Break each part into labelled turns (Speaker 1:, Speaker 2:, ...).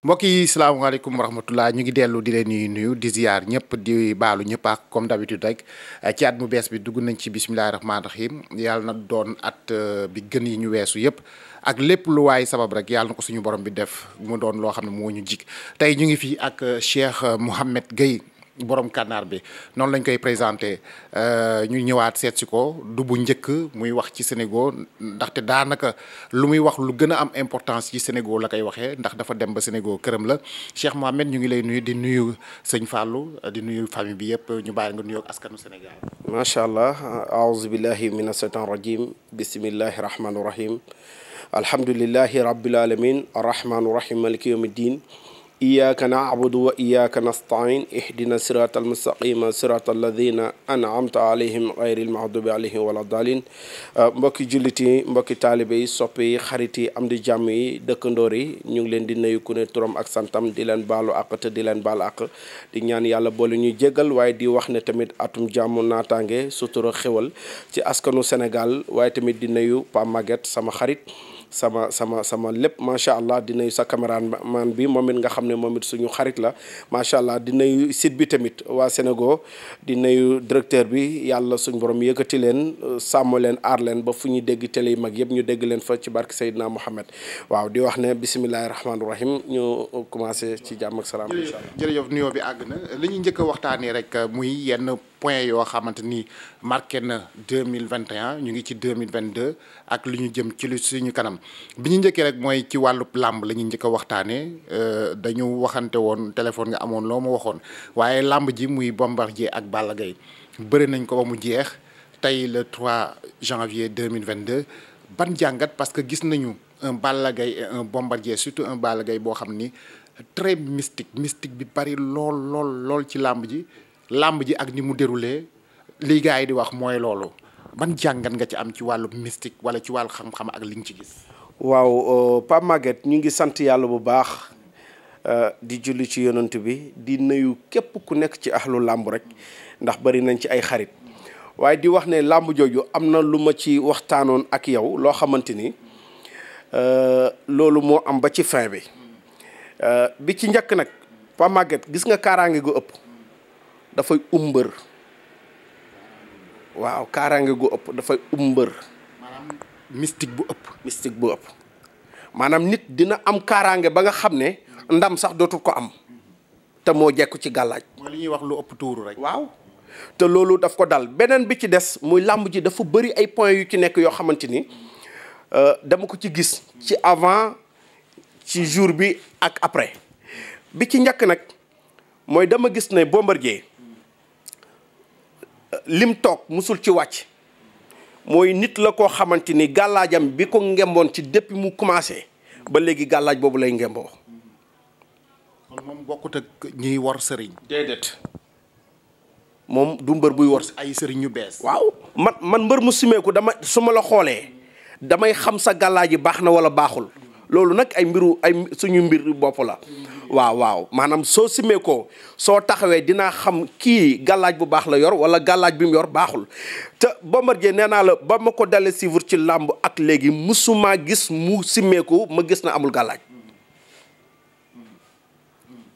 Speaker 1: mbokk yi salaamaaleykum wa rahmatulah ñu ngi dellu di leen nuyu di ziar ñëpp di baalu ñëpp ak comme d'habitude rek ci at mu bees bi dugg nañ ci bisimilah rahmaani rahim yàlla na doon at euh, bi gën yi ñu weesu yëpp ak lépp lu waaye sabab rek yàlla ko suñu borom bi def mu doon loo xam ne moo ñu jik tey ñu ngi fii ak euh, Cheikh euh, Mouhamed Gueye borom kànnaar bi noonu lañ koy présenté euh, ñu ñëwaat seet ko du bu njëkk muy wax ci Sénégal ndaxte daanaka lu muy wax lu gën a am importance ci Sénégal la koy waxee ndax dafa dem ba Sénégal këram la Cheikh Mohamed ñu ngi lay nuyu di nuyu sëñ Fallou di nuyu famille bi yëpp ñu bàyyi nga nuyoog askanu Sénégal. macha
Speaker 2: allah aouzubillahi mina shaytan rajim bismillahi rahmaani rahim alhamdulillahi rabbil alamin arrahmaani rahim maliki yawmi diin iyyaka na'budu wa iyyaka nasta'in ihdina siratal mustaqima siratal ladhina an'amta alayhim ghayril maghdubi alayhim wala daalin mbokki jullit yi mbokki taalibe yi sopp yi xarit yi am di jàmm yi dëkkandoor yi ñu ngi leen di nuyu ku ne turam ak santam di leen baalu àq te di leen baal àq di ñaan yàlla boole ñuy jégal waaye di wax ne tamit atum jàmm naataange sutura xewal ci askanu Sénégal waaye tamit di nuyu Pa Maguette sama xarit sama sama sama lépp macha allah di nuyu sa caméraman bi moom it nga xam ne moom suñu xarit la macha allah di nuyu bi tamit waa Sénégal di nuyu directeur bi yàlla suñu borom yëkkati leen sàmm leen aar leen ba fu ñuy dégg télé yu mag yëpp ñu dégg leen fa ci barke Seydina Mohamed waaw di wax ne bisimilahi rahmaani rahim ñu commencé ci jàmm ak salaam. incha allah
Speaker 1: jërëjëf bi àgg na li ñu njëkk a waxtaanee rek muy yenn. points yoo xamante ni marqué na deux mille vingt et ñu ngi ci deux mille vingt deux ak lu ñu jëm ci lu suñu kanam bi ñu njëkkee rek mooy ci wàllu làmb la ñu njëkk a waxtaanee euh, dañu waxante woon téléphone nga amoon loo ma waxoon waaye làmb ji muy Bombardier ak Balla bëri nañ ko ba mu jeex tey le 3 janvier 2022 ban jàngat parce que gis nañu un Balla Gaye Bombardier surtout un Balla boo xam ni très mystique mystique bi bari lool lool lool ci làmb ji làmb ji ak ni mu déroulé li gars yi di wax mooy loolu ban jàngat nga ci am ci wàllu mystique wala ci wàllu xam-xam ak li nga ci gis.
Speaker 2: waaw euh, Pape Maguette ñu ngi sant yàlla bu baax euh, di julli ci yonent bi di nuyu képp ku nekk ci axlu làmb rek ndax bari nañ ci ay xarit waaye di wax ne làmb jooju am na lu ma ci waxtaanoon ak yow loo xamante ni euh, loolu moo am ba ci fin bi bi ci njëkk nag Pape Maguette gis nga kaaraange gu ëpp. dafay umbër waaw kaaraange gu ëpp dafay umbër maanaam bu ëpp mystique bu ëpp maanaam nit dina am kaaraange ba nga xam ne ndam sax dootul ko am te moo jekku ci gàllaaj li ñuy wax lu ëpp tuuru rek waaw te loolu daf ko dal beneen bi ci des muy làmb ji dafa bëri ay point yu ci nekk yoo xamante ni euh, dama ko ci gis ci avant ci jour bi ak après bi ci njëkk nag mooy dama gis ne Bombardier lim toog musul ci wàcc mooy nit la koo xamante ni gàllaajam bi ko ngemboon ci depuis mu commencé ba léegi gàllaaj boobu lay ngemboo. kon moom ak ñiy war sëriñ. déedéet moom du mbër buy war. ay sëriñ yu bees. waaw man man mbër mu simeeku dama su ma la xoolee damay xam sa gàllaaj yi baax na wala baaxul loolu nag ay mbiru ay suñu mbir bopp la. waaw waaw maanaam soo simee soo taxawee dinaa xam kii gàllaaj bu baax la yor wala gàllaaj bi mu yor baaxul te Bombardier nee naa la ba ma ko dalee suivre ci làmb ak léegi musuma gis mu simee ma gis na amul gàllaaj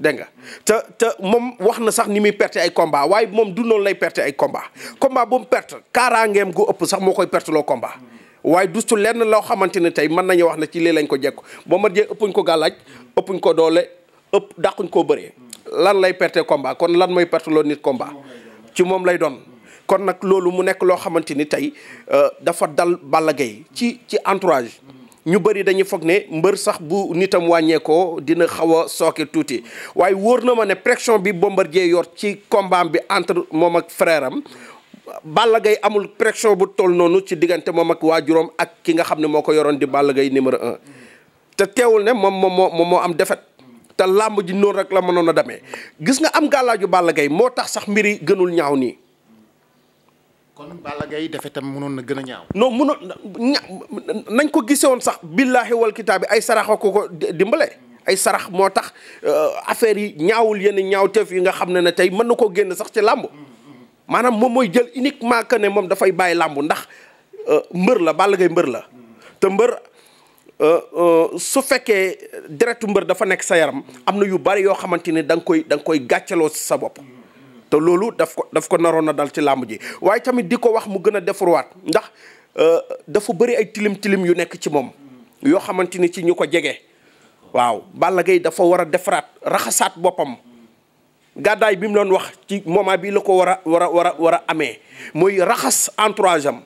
Speaker 2: dégg nga te te moom wax na sax ni muy perte ay combat waaye moom du noonu lay perte ay combat combat bu mu perte kaaraangeem gu ëpp sax moo koy perte loo waaye du lenn loo xamante ne tey mën nañu wax na ci lii lañ ko jekk Bombardier ëppuñ ko gàllaaj ëppuñ ko doole ëpp dàquñ koo bëree. lan lay perte combat kon lan mooy perte loo nit combat ci moom lay doon. kon nag loolu mu nekk loo xamante ni tey euh, dafa dal Balla Gaye ci ci entourage. ñu bëri dañuy foog ne mbër sax bu nitam wàññeekoo dina xaw a sooke tuuti waaye wóor na ma ne pression bi Bombardier yor ci combat bi entre moom ak frère am amul pression bu toll noonu ci diggante moom ak waajuram ak ki nga xam ne moo ko yoroon di Balla Gaye numéro te teewul ne moom am défaite te làmb ji noonu rek la mënoon a demee gis nga am gàllaaju Balla gay moo tax sax mbiri gënul ñaaw nii.
Speaker 1: kon Balla Gaye defe tam mënoon na gën a ñaaw.
Speaker 2: non mënoon nañ ko gisee woon sax billaahi wal kitaab bi ay sarax ko ko dimbale. ay sarax moo tax euh, affaire yi ñaawul yenn teef yi nga xam ne ne tey mën na koo génn sax ci làmb maanaam moom mooy jël uniquement que ne moom dafay bàyyi làmb ndax euh, mbër la Balla Gaye mbër la te mbër. Euh, euh, su fekkee deretu mbër dafa nekk sa yaram am na yu bari yoo xamante ni da nga koy da koy gàccaloo si sa bopp te loolu daf ko daf ko naroon na dal ci làmb ji waaye tamit di ko wax mu gën a defarwaat ndax euh, dafa bëri ay tilim tilim yu nekk ci moom yoo xamante ni ci ñu ko jege waaw Balla Gaye dafa war a defaraat raxasaat boppam gàddaay bi mu doon wax ci moment bi la ko war a war a war a war a amee muy raxas entourage am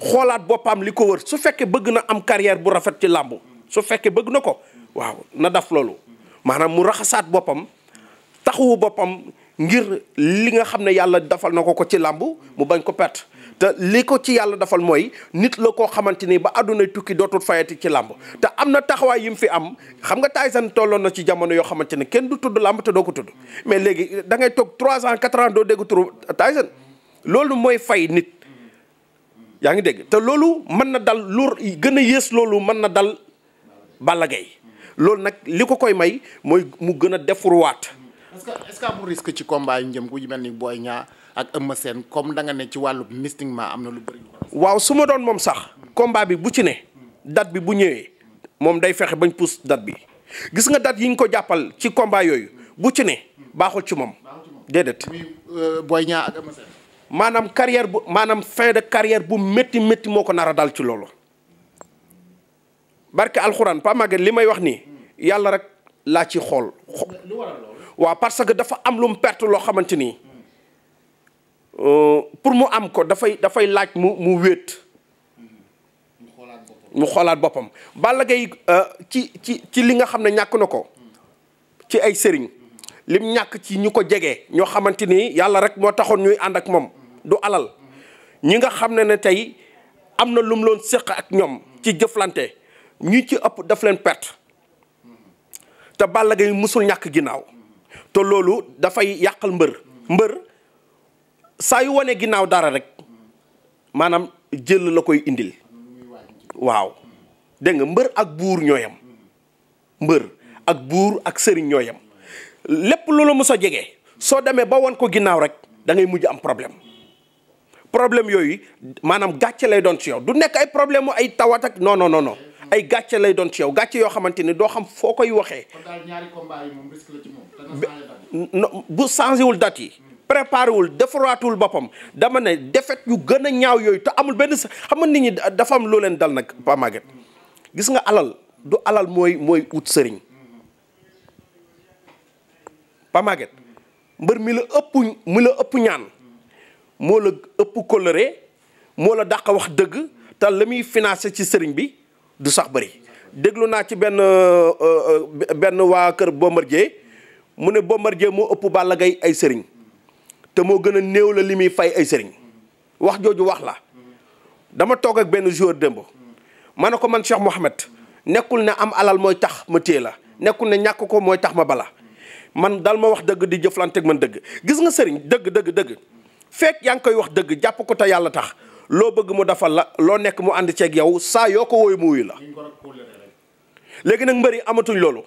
Speaker 2: xoolaat boppam li ko wër su fekkee bëgg na am carrière bu rafet ci làmb su fekkee bëgg na ko waaw na daf loolu maanaam mu raxasaat boppam taxawu boppam ngir li nga xam ne yàlla dafal na ko ko ci làmb mu bañ ko perte te li ko ci yàlla defal mooy nit la koo xamante ni ba àdduna tukki dootul fayati ci làmb te am na taxawaay yi mu fi am xam nga Tyson tolloon na ci jamono yoo xamante ne kenn du tudd làmb te doo ko tudd mais léegi dangay ngay toog 3 ans 4 ans doo dégg turu Tyson loolu mooy fay nit yaa ngi dégg te loolu mën na dal lu gën a yées loolu mën na dal Balla Gaye loolu nag li ko koy may mooy mu gën a defuruwaat.
Speaker 1: est-ce que est risque ci combat yi njëm ku ci mel ni booy ñaa ak Eumeu Sène comme da nga ne ci
Speaker 2: wàllu mystique ma am na lu bëri. waaw su ma doon moom sax. combat bi bu ci ne. date bi bu ñëwee. moom day fexe bañ pousse date bi gis nga date yi ñu ko jàppal ci combat yooyu bu ci ne baaxul ci moom. déedéet. booy euh, Boy ak Eumeu Sène maanaam carrière bu maanaam fin de carrière bu métti métti moo ko nar daal ci loolu barke alxuraan pa màgget li may wax nii yàlla rek laa ci xool waaw parce que dafa am lu mu perte loo xamante nii euh, pour mu am ko dafay dafay laaj mu mu wéet mu xoolaat boppam Balla Gaye euh, ci ci ci li nga xam ne ñàkk na ko ci ay sëriñ lim ñàkk ci ñu ko jege ñoo xamante ni yàlla rek moo taxoon ñuy ànd ak moom du alal ñi nga xam ne ne tey am na lum loon séq ak ñoom ci jëflante ñu ci ëpp daf leen perte te Balla Gaye musul ñàkk ginnaaw te loolu dafay yàqal mbër mbër saa yu wane ginnaaw dara rek maanaam jël la koy indil waaw dégg nga mbër ak buur ñooyam mbër ak buur ak sëriñ ñooyam lépp lu la mës a jege soo demee ba wan ko ginnaaw rek dangay mujj am problème problème yooyu maanaam gàcce lay doon ci yow du nekk ay problème mu ay tawat ak non non non ay gàcce lay doon ci yow gàcce yoo xamante ni doo xam foo koy waxee.
Speaker 1: kon daal ñaari combat yi
Speaker 2: moom bu changé wul date yi. préparé wul boppam dama ne défaite yu gën a ñaaw yooyu te amul benn sa xam nga nit ñi dafa am loo leen dal nag Paa Maguette gis nga alal du alal mooy mooy ut sëriñ. Pa Maguette mbër mi la ëpp mi ëpp ñaan moo la ëpp coloré moo la dàq wax dëgg te la muy financé ci sëriñ bi du sax bëri. déglu naa ci benn euh, euh, benn waa kër Bombardier mu ne Bombardier moo ëpp Balla gay ay sëriñ te moo gën a néew la li muy fay ay sëriñ wax jooju wax la dama toog ak benn joueur démb ma ne ko man Cheikh Mouhamed nekkul ne am alal mooy tax ma téye la nekkul ne ñàkk ko mooy tax ma bala man dal ma wax dëgg di jëflante ak man dëgg gis nga sëriñ dëgg dëgg dëgg fekk yaa ngi koy wax dëgg jàpp ko te yàlla tax loo bëgg mu defal la loo nekk mu ànd ceeg yow saa yoo ko wooyu mu wuyu la léegi nag mbëri amatuñ loolu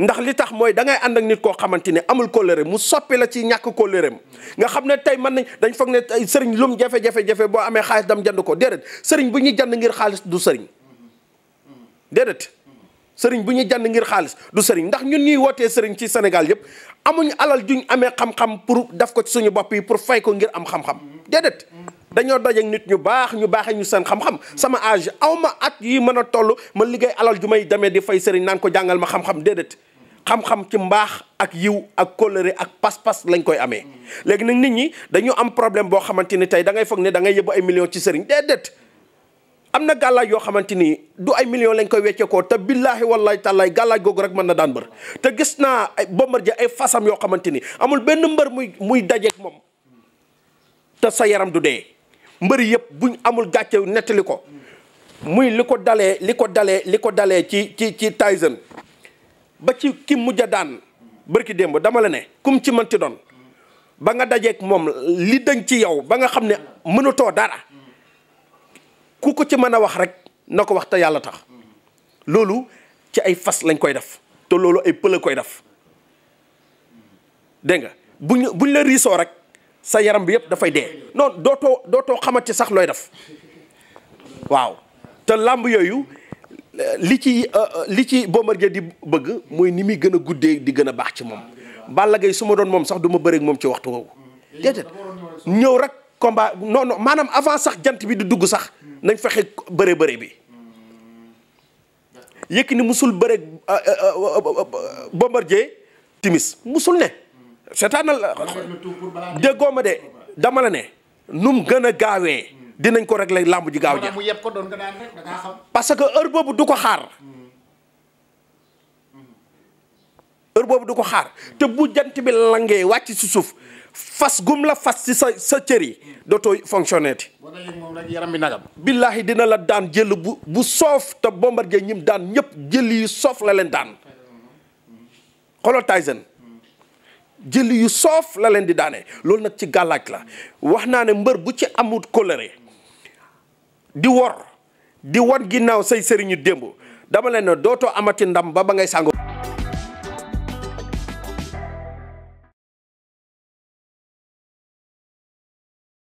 Speaker 2: ndax li tax mooy da ngay ànd ak nit koo xamante ne amul kóllëre mu soppi la ci ñàkk kóllëreem nga xam ne tey mën nañ dañ foog ne sëriñ lum jafe-jafe-jafe boo amee xaalis dam jënd ko déedéet sëriñ bu ñuy jànd ngir xaalis du sëriñ déedéet sëriñ bu ñuy jànd ngir xaalis du sëriñ ndax ñun ñuy wootee sëriñ ci Sénégal yëpp amuñu alal juñ amee xam-xam pour def ko ci suñu bopp yi pour fay ko ngir am xam-xam déedéet dañoo dajeek nit ñu baax ñu baaxee ñu seen xam-xam sama âge awma at yi mën a toll ma liggéey alal ju may demee di fay sëriñ naan ko jàngal ma xam-xam déedéet xam-xam ci mbaax ak yiw ak kóllëre ak pas-pas lañ koy amee léegi nag nit ñi dañu am problème boo xamante ni tey da ngay foog ne da ngay yëbbu ay millions ci sëriñ déedéet am na gàllaaj yoo xamante ni du ay millions lañ koy wecceekoo te billaahi wallaahi tàllaay gàllaaj googu rek mën na daan mbër te gis naa ay Bombardier ay fasam yoo xamante ni amul benn mbër muy muy dajeek moom te sa yaram du dee mbër yëpp buñ amul gàcce nettali ko muy li ko dalee li ko dalee li ko dalee ci ci ci Tyson ba ci ki mujj a daan bërki démb dama la ne kum ci mënti doon ba nga dajeek moom li dañ ci yow ba nga xam ne mënatoo dara ku ko ci mën a wax rek na ko wax te yàlla tax loolu ci ay fas lañ koy def te loolu ay pël koy def dégg nga bu buñ la riisoo rek sa yaram bi yëpp dafay dee non dootoo dootoo xamati sax looy def waaw te làmb yooyu li ci euh, euh, li ci Bombardier di bëgg mooy ni muy gën a guddee di gën a baax ci moom Balla Gaye su ma doon moom sax du ma bëreeg moom ci waxtu woowu déedéet ñëw rek combat non non maanaam avant sax jant bi di dugg sax nañ fexe bëre bëre bi ni musul bëre euh, euh, euh, Bombardier timis musul ne seetaanal déggoo ma de dama la ne nu mu gën a gaawee dinañ ko régler làmb ji gaaw jeex parce que heure boobu du ko xaar heure boobu du ko xaar te bu jant bi langee wàcc si suuf fas gum la fas ci sa sa cër yi dootoo fonctionné ti yaram bi nagam billaahi dina la daan jël bu bu soof te bombar Bombardier ñim daan ñëpp jël yu soof la leen daan xoolal Tyson jël yu soof la leen di daanee loolu nag ci gàllaaj la wax naa ne mbër bu ci amut colère di wor di wan ginnaaw say sëriñu démb dama leen dootoo amati ndam ba ba ngay sàngu